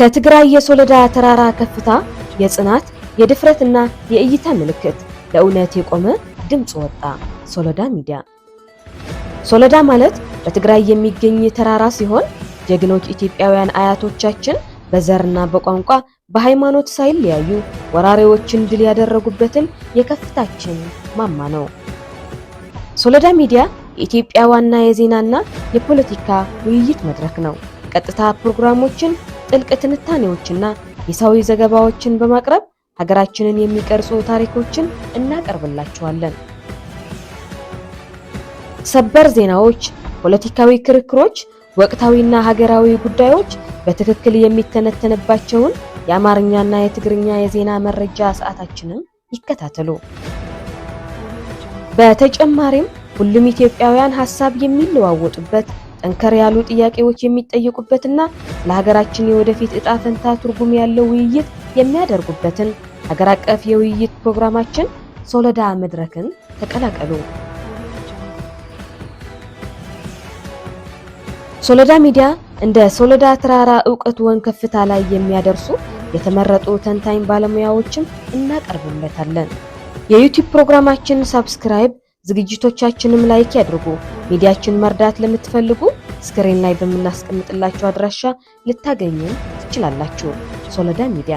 ከትግራይ የሶለዳ ተራራ ከፍታ የጽናት የድፍረትና የእይታ ምልክት ለእውነት የቆመ ድምፅ ወጣ። ሶለዳ ሚዲያ። ሶለዳ ማለት በትግራይ የሚገኝ ተራራ ሲሆን ጀግኖች ኢትዮጵያውያን አያቶቻችን በዘርና በቋንቋ በሃይማኖት ሳይለያዩ ወራሪዎችን ድል ያደረጉበትም የከፍታችን ማማ ነው። ሶለዳ ሚዲያ የኢትዮጵያ ዋና የዜናና የፖለቲካ ውይይት መድረክ ነው። ቀጥታ ፕሮግራሞችን ጥልቅ ትንታኔዎችና የሳዊ ዘገባዎችን በማቅረብ ሀገራችንን የሚቀርጹ ታሪኮችን እናቀርብላችኋለን። ሰበር ዜናዎች፣ ፖለቲካዊ ክርክሮች፣ ወቅታዊና ሀገራዊ ጉዳዮች በትክክል የሚተነተንባቸውን የአማርኛና የትግርኛ የዜና መረጃ ሰዓታችንን ይከታተሉ። በተጨማሪም ሁሉም ኢትዮጵያውያን ሀሳብ የሚለዋወጡበት ጠንከር ያሉ ጥያቄዎች የሚጠየቁበትና ለሀገራችን የወደፊት እጣ ፈንታ ትርጉም ያለው ውይይት የሚያደርጉበትን ሀገር አቀፍ የውይይት ፕሮግራማችን ሶለዳ መድረክን ተቀላቀሉ። ሶለዳ ሚዲያ እንደ ሶለዳ ተራራ እውቀት ወን ከፍታ ላይ የሚያደርሱ የተመረጡ ተንታኝ ባለሙያዎችን እናቀርብለታለን። የዩቲዩብ ፕሮግራማችን ሰብስክራይብ ዝግጅቶቻችንም ላይክ ያድርጉ። ሚዲያችን መርዳት ለምትፈልጉ ስክሪን ላይ በምናስቀምጥላችሁ አድራሻ ልታገኙ ትችላላችሁ። ሶለዳ ሚዲያ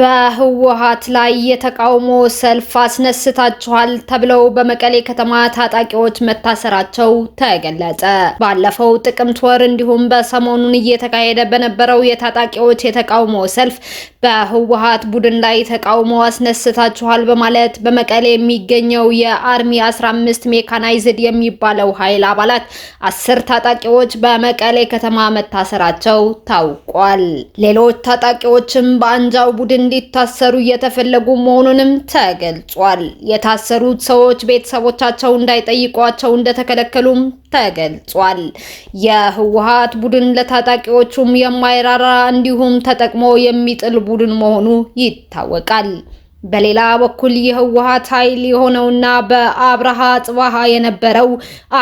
በህወሃት ላይ የተቃውሞ ሰልፍ አስነስታችኋል ተብለው በመቀሌ ከተማ ታጣቂዎች መታሰራቸው ተገለጸ። ባለፈው ጥቅምት ወር እንዲሁም በሰሞኑን እየተካሄደ በነበረው የታጣቂዎች የተቃውሞ ሰልፍ በህወሃት ቡድን ላይ ተቃውሞ አስነስታችኋል በማለት በመቀሌ የሚገኘው የአርሚ 15 ሜካናይዝድ የሚባለው ኃይል አባላት አስር ታጣቂዎች በመቀሌ ከተማ መታሰራቸው ታውቋል። ሌሎች ታጣቂዎችም በአንጃው ቡድን እንዲታሰሩ እየተፈለጉ መሆኑንም ተገልጿል። የታሰሩት ሰዎች ቤተሰቦቻቸው እንዳይጠይቋቸው እንደተከለከሉም ተገልጿል። የህወሓት ቡድን ለታጣቂዎቹም የማይራራ እንዲሁም ተጠቅሞ የሚጥል ቡድን መሆኑ ይታወቃል። በሌላ በኩል የህወሓት ኃይል የሆነውና በአብረሃ ጽባሃ የነበረው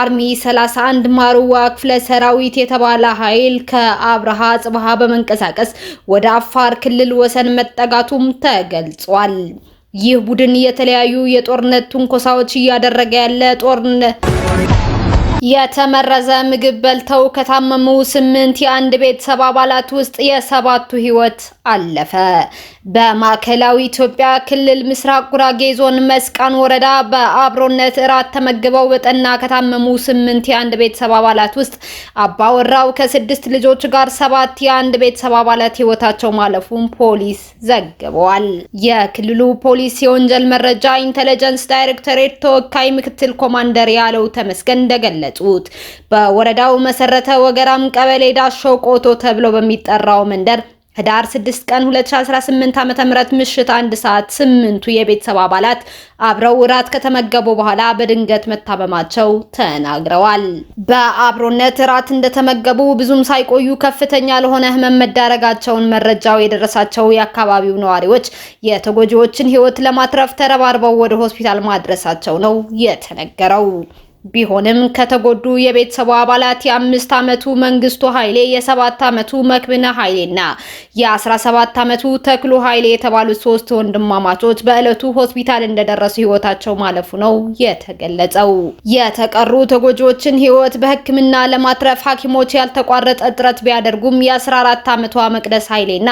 አርሚ 31 ማሩዋ ክፍለ ሰራዊት የተባለ ኃይል ከአብረሃ ጽባሃ በመንቀሳቀስ ወደ አፋር ክልል ወሰን መጠጋቱም ተገልጿል። ይህ ቡድን የተለያዩ የጦርነት ትንኮሳዎች እያደረገ ያለ ጦርነት የተመረዘ ምግብ በልተው ከታመሙ ስምንት የአንድ ቤተሰብ አባላት ውስጥ የሰባቱ ሕይወት አለፈ። በማዕከላዊ ኢትዮጵያ ክልል ምስራቅ ጉራጌ ዞን መስቃን ወረዳ በአብሮነት እራት ተመግበው በጠና ከታመሙ ስምንት የአንድ ቤተሰብ አባላት ውስጥ አባወራው ከስድስት ልጆች ጋር ሰባት የአንድ ቤተሰብ አባላት ሕይወታቸው ማለፉን ፖሊስ ዘግበዋል። የክልሉ ፖሊስ የወንጀል መረጃ ኢንተለጀንስ ዳይሬክቶሬት ተወካይ ምክትል ኮማንደር ያለው ተመስገን እንደገለጸ የገለጹት። በወረዳው መሰረተ ወገራም ቀበሌ ዳሾ ቆቶ ተብሎ በሚጠራው መንደር ህዳር 6 ቀን 2018 ዓ.ም ምሽት አንድ ሰዓት ስምንቱ የቤተሰብ አባላት አብረው እራት ከተመገቡ በኋላ በድንገት መታመማቸው ተናግረዋል። በአብሮነት እራት እንደተመገቡ ብዙም ሳይቆዩ ከፍተኛ ለሆነ ህመም መዳረጋቸውን መረጃው የደረሳቸው የአካባቢው ነዋሪዎች የተጎጂዎችን ህይወት ለማትረፍ ተረባርበው ወደ ሆስፒታል ማድረሳቸው ነው የተነገረው። ቢሆንም ከተጎዱ የቤተሰቡ አባላት የአምስት ዓመቱ መንግስቱ ኃይሌ፣ የሰባት ዓመቱ መክብነ ኃይሌና ና። 17 ዓመቱ ተክሎ ኃይሌ የተባሉት ሶስት ወንድማማቾች በዕለቱ ሆስፒታል እንደደረሱ ህይወታቸው ማለፉ ነው የተገለጸው። የተቀሩ ተጎጂዎችን ህይወት በህክምና ለማትረፍ ሐኪሞች ያልተቋረጠ ጥረት ቢያደርጉም የ14 ዓመቷ መቅደስ ኃይሌና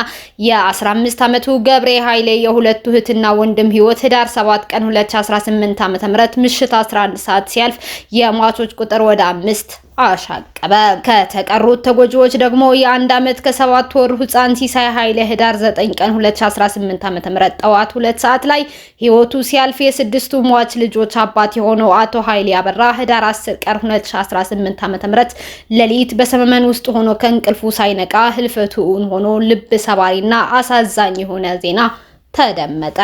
የ15 ዓመቱ ገብሬ ኃይሌ የሁለቱ እህትና ወንድም ህይወት ህዳር 7 ቀን 2018 ዓ.ም ምሽት 11 ሰዓት ሲያልፍ የሟቾች ቁጥር ወደ አምስት አሻቀበ። ከተቀሩት ተጎጂዎች ደግሞ የአንድ ዓመት ከሰባት ወር ህፃን ሲሳይ ኃይለ ህዳር 9 ቀን 2018 ዓ.ም ጠዋት ሁለት ሰዓት ላይ ህይወቱ ሲያልፍ የስድስቱ ሟች ልጆች አባት የሆነው አቶ ኃይሌ ያበራ ህዳር 10 ቀን 2018 ዓ.ም ሌሊት በሰመመን ውስጥ ሆኖ ከእንቅልፉ ሳይነቃ ህልፈቱን ሆኖ ልብ ሰባሪና አሳዛኝ የሆነ ዜና ተደመጠ።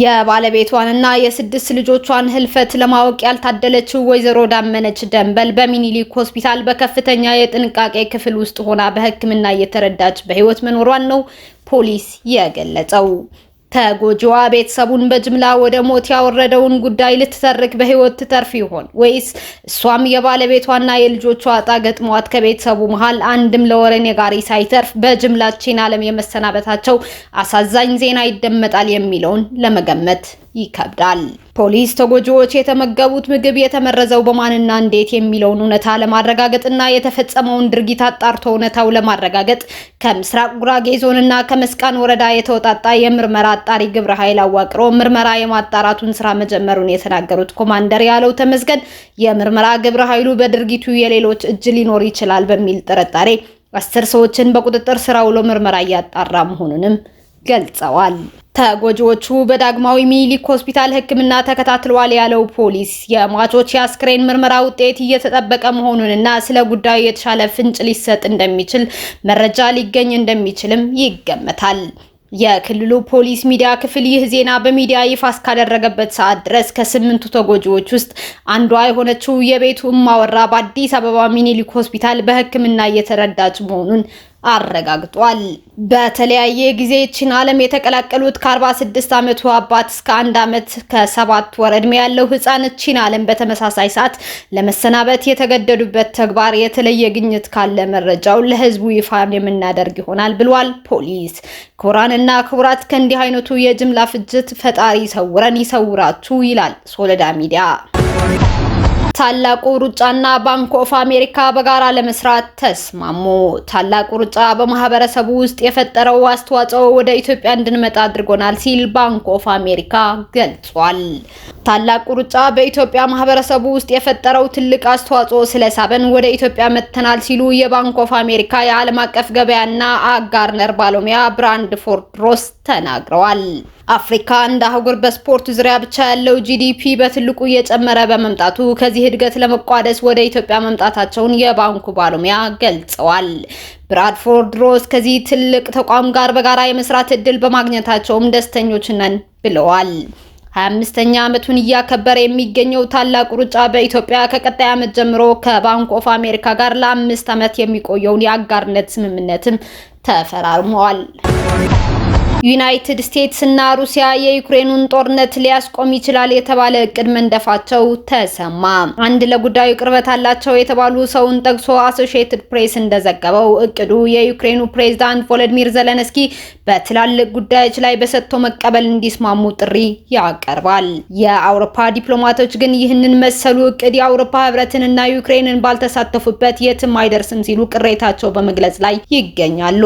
የባለቤቷንና የስድስት ልጆቿን ህልፈት ለማወቅ ያልታደለችው ወይዘሮ ዳመነች ደንበል በሚኒሊክ ሆስፒታል በከፍተኛ የጥንቃቄ ክፍል ውስጥ ሆና በሕክምና እየተረዳች በህይወት መኖሯን ነው ፖሊስ የገለጸው። ተጎጂዋ ቤተሰቡን በጅምላ ወደ ሞት ያወረደውን ጉዳይ ልትተርክ በህይወት ትተርፍ ይሆን ወይስ እሷም የባለቤቷና የልጆቿ እጣ ገጥሟት ከቤተሰቡ መሃል አንድም ለወሬ ጋሪ ሳይተርፍ በጅምላችን አለም የመሰናበታቸው አሳዛኝ ዜና ይደመጣል የሚለውን ለመገመት ይከብዳል። ፖሊስ ተጎጂዎች የተመገቡት ምግብ የተመረዘው በማንና እንዴት የሚለውን እውነታ ለማረጋገጥና የተፈጸመውን ድርጊት አጣርቶ እውነታው ለማረጋገጥ ከምስራቅ ጉራጌ ዞንና ከመስቃን ወረዳ የተወጣጣ የምርመራ አጣሪ ግብረ ኃይል አዋቅሮ ምርመራ የማጣራቱን ስራ መጀመሩን የተናገሩት ኮማንደር ያለው ተመስገን የምርመራ ግብረ ኃይሉ በድርጊቱ የሌሎች እጅ ሊኖር ይችላል በሚል ጥርጣሬ አስር ሰዎችን በቁጥጥር ስር አውሎ ምርመራ እያጣራ መሆኑንም ገልጸዋል። ተጎጂዎቹ በዳግማዊ ሚኒሊክ ሆስፒታል ሕክምና ተከታትለዋል ያለው ፖሊስ የሟቾች የአስክሬን ምርመራ ውጤት እየተጠበቀ መሆኑንና ስለ ጉዳዩ የተሻለ ፍንጭ ሊሰጥ እንደሚችል መረጃ ሊገኝ እንደሚችልም ይገመታል። የክልሉ ፖሊስ ሚዲያ ክፍል ይህ ዜና በሚዲያ ይፋ እስካደረገበት ሰዓት ድረስ ከስምንቱ ተጎጂዎች ውስጥ አንዷ የሆነችው የቤቱ እማወራ በአዲስ አበባ ሚኒሊክ ሆስፒታል በሕክምና እየተረዳች መሆኑን አረጋግጧል። በተለያየ ጊዜ ይህችን ዓለም የተቀላቀሉት ከ46 ዓመቱ አባት እስከ አንድ ዓመት ከሰባት ወር ዕድሜ ያለው ህፃን ይህችን ዓለም በተመሳሳይ ሰዓት ለመሰናበት የተገደዱበት ተግባር የተለየ ግኝት ካለ መረጃው ለህዝቡ ይፋ የምናደርግ ይሆናል ብሏል ፖሊስ። ክቡራንና ክቡራት ከእንዲህ አይነቱ የጅምላ ፍጅት ፈጣሪ ይሰውረን ይሰውራችሁ ይላል ሶለዳ ሚዲያ። ታላቁ ሩጫና ባንክ ኦፍ አሜሪካ በጋራ ለመስራት ተስማሙ። ታላቁ ሩጫ በማህበረሰቡ ውስጥ የፈጠረው አስተዋጽኦ ወደ ኢትዮጵያ እንድንመጣ አድርጎናል ሲል ባንክ ኦፍ አሜሪካ ገልጿል። ታላቁ ሩጫ በኢትዮጵያ ማህበረሰቡ ውስጥ የፈጠረው ትልቅ አስተዋጽኦ ስለሳበን ወደ ኢትዮጵያ መጥተናል ሲሉ የባንክ ኦፍ አሜሪካ የዓለም አቀፍ ገበያና አጋርነር ባለሙያ ብራንድ ፎርድ ሮስ ተናግረዋል። አፍሪካ እንደ አህጉር በስፖርት ዙሪያ ብቻ ያለው ጂዲፒ በትልቁ እየጨመረ በመምጣቱ ከዚህ እድገት ለመቋደስ ወደ ኢትዮጵያ መምጣታቸውን የባንኩ ባለሙያ ገልጸዋል። ብራድፎርድ ሮስ ከዚህ ትልቅ ተቋም ጋር በጋራ የመስራት እድል በማግኘታቸውም ደስተኞች ነን ብለዋል። 25ኛ ዓመቱን እያከበረ የሚገኘው ታላቁ ሩጫ በኢትዮጵያ ከቀጣይ ዓመት ጀምሮ ከባንክ ኦፍ አሜሪካ ጋር ለአምስት ዓመት የሚቆየውን የአጋርነት ስምምነትም ተፈራርመዋል። ዩናይትድ ስቴትስ እና ሩሲያ የዩክሬኑን ጦርነት ሊያስቆም ይችላል የተባለ እቅድ መንደፋቸው ተሰማ። አንድ ለጉዳዩ ቅርበት አላቸው የተባሉ ሰውን ጠቅሶ አሶሺየትድ ፕሬስ እንደዘገበው እቅዱ የዩክሬኑ ፕሬዝዳንት ቮሎዲሚር ዘለንስኪ በትላልቅ ጉዳዮች ላይ በሰጥቶ መቀበል እንዲስማሙ ጥሪ ያቀርባል። የአውሮፓ ዲፕሎማቶች ግን ይህንን መሰሉ እቅድ የአውሮፓ ህብረትን እና ዩክሬንን ባልተሳተፉበት የትም አይደርስም ሲሉ ቅሬታቸው በመግለጽ ላይ ይገኛሉ።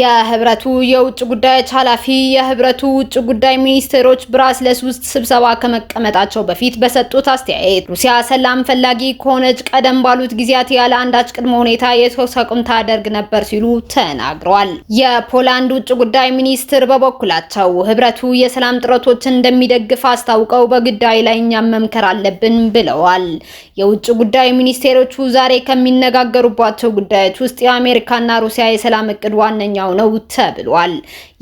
የህብረቱ የውጭ ጉዳዮች ኃላፊ ኃላፊ የህብረቱ ውጭ ጉዳይ ሚኒስቴሮች ብራስለስ ውስጥ ስብሰባ ከመቀመጣቸው በፊት በሰጡት አስተያየት ሩሲያ ሰላም ፈላጊ ከሆነች ቀደም ባሉት ጊዜያት ያለ አንዳች ቅድመ ሁኔታ የተኩስ አቁም ታደርግ ነበር ሲሉ ተናግረዋል። የፖላንድ ውጭ ጉዳይ ሚኒስትር በበኩላቸው ህብረቱ የሰላም ጥረቶችን እንደሚደግፍ አስታውቀው በጉዳዩ ላይ እኛም መምከር አለብን ብለዋል። የውጭ ጉዳይ ሚኒስቴሮቹ ዛሬ ከሚነጋገሩባቸው ጉዳዮች ውስጥ የአሜሪካና ሩሲያ የሰላም እቅድ ዋነኛው ነው ተብሏል።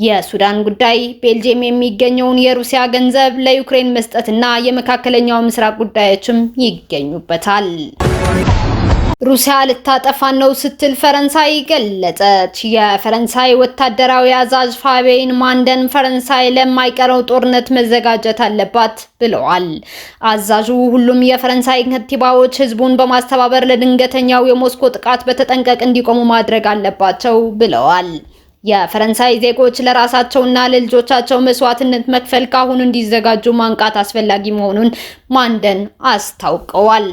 የሱዳን ጉዳይ፣ ቤልጅየም የሚገኘውን የሩሲያ ገንዘብ ለዩክሬን መስጠትና የመካከለኛው ምስራቅ ጉዳዮችም ይገኙበታል። ሩሲያ ልታጠፋን ነው ስትል ፈረንሳይ ገለጸች። የፈረንሳይ ወታደራዊ አዛዥ ፋቤን ማንደን ፈረንሳይ ለማይቀረው ጦርነት መዘጋጀት አለባት ብለዋል። አዛዡ ሁሉም የፈረንሳይ ከንቲባዎች ህዝቡን በማስተባበር ለድንገተኛው የሞስኮ ጥቃት በተጠንቀቅ እንዲቆሙ ማድረግ አለባቸው ብለዋል። የፈረንሳይ ዜጎች ለራሳቸውና ለልጆቻቸው መስዋዕትነት መክፈል ካሁኑ እንዲዘጋጁ ማንቃት አስፈላጊ መሆኑን ማንደን አስታውቀዋል።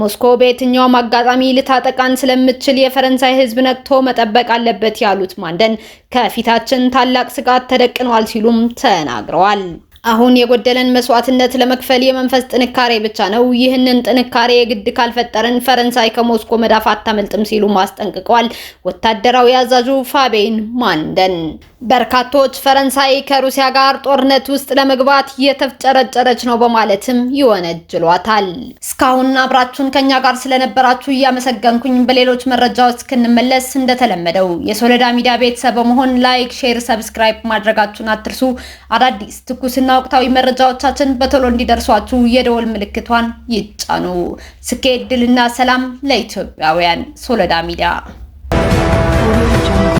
ሞስኮ በየትኛውም አጋጣሚ ልታጠቃን ስለምትችል የፈረንሳይ ሕዝብ ነቅቶ መጠበቅ አለበት ያሉት ማንደን ከፊታችን ታላቅ ስጋት ተደቅኗል ሲሉም ተናግረዋል። አሁን የጎደለን መስዋዕትነት ለመክፈል የመንፈስ ጥንካሬ ብቻ ነው። ይህንን ጥንካሬ የግድ ካልፈጠርን ፈረንሳይ ከሞስኮ መዳፍ አታመልጥም ሲሉ ማስጠንቅቀዋል። ወታደራዊ አዛዡ ፋቤን ማንደን በርካቶች ፈረንሳይ ከሩሲያ ጋር ጦርነት ውስጥ ለመግባት እየተፍጨረጨረች ነው በማለትም ይወነጅሏታል። እስካሁን አብራችሁን ከኛ ጋር ስለነበራችሁ እያመሰገንኩኝ በሌሎች መረጃዎች እስክንመለስ እንደተለመደው የሶለዳ ሚዲያ ቤተሰብ በመሆን ላይክ፣ ሼር፣ ሰብስክራይብ ማድረጋችሁን አትርሱ። አዳዲስ ትኩስና ወቅታዊ መረጃዎቻችን በቶሎ እንዲደርሷችሁ የደወል ምልክቷን ይጫኑ። ስኬት፣ ድልና ሰላም ለኢትዮጵያውያን። ሶሎዳ ሚዲያ